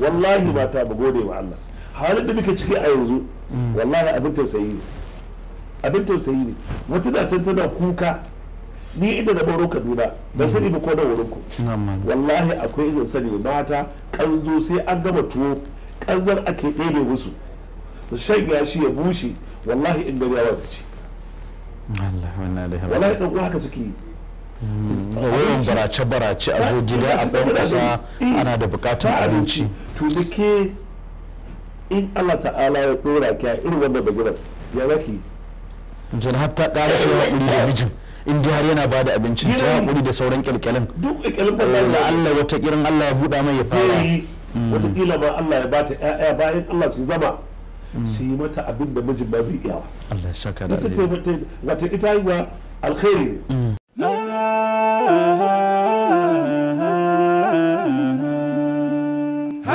wallahi mata mu gode wa Allah halin da muke ciki a yanzu wallahi abin tausayi ne abin tausayi ne wata da can tana kuka ni inda na baro Kaduna ba sani ba ko da wurin ku wallahi akwai irin sani mata kanzo sai an gama tuwo kanzar ake ɗebe musu su shan shi ya bushe wallahi in gari ya wata ci wallahi dan uwa haka suke yi yin barace-barace a zo gida a ɗan ƙasa ana da buƙatar abinci to da ke in allah ta'ala ya ɗora ki a irin wannan bagiran ya raki. Jan hatta ƙara shi haƙuri da mijin in har yana ba da abincin ta haƙuri da sauran ƙyalƙyalin duk ƙyalƙyalin da allah ya buɗa mai ya fara mm. wataƙila ma ya bata bayan allah su zama mm. su yi mata abin da mijin ba zai iya Allah ta yi alkhairi ne mm.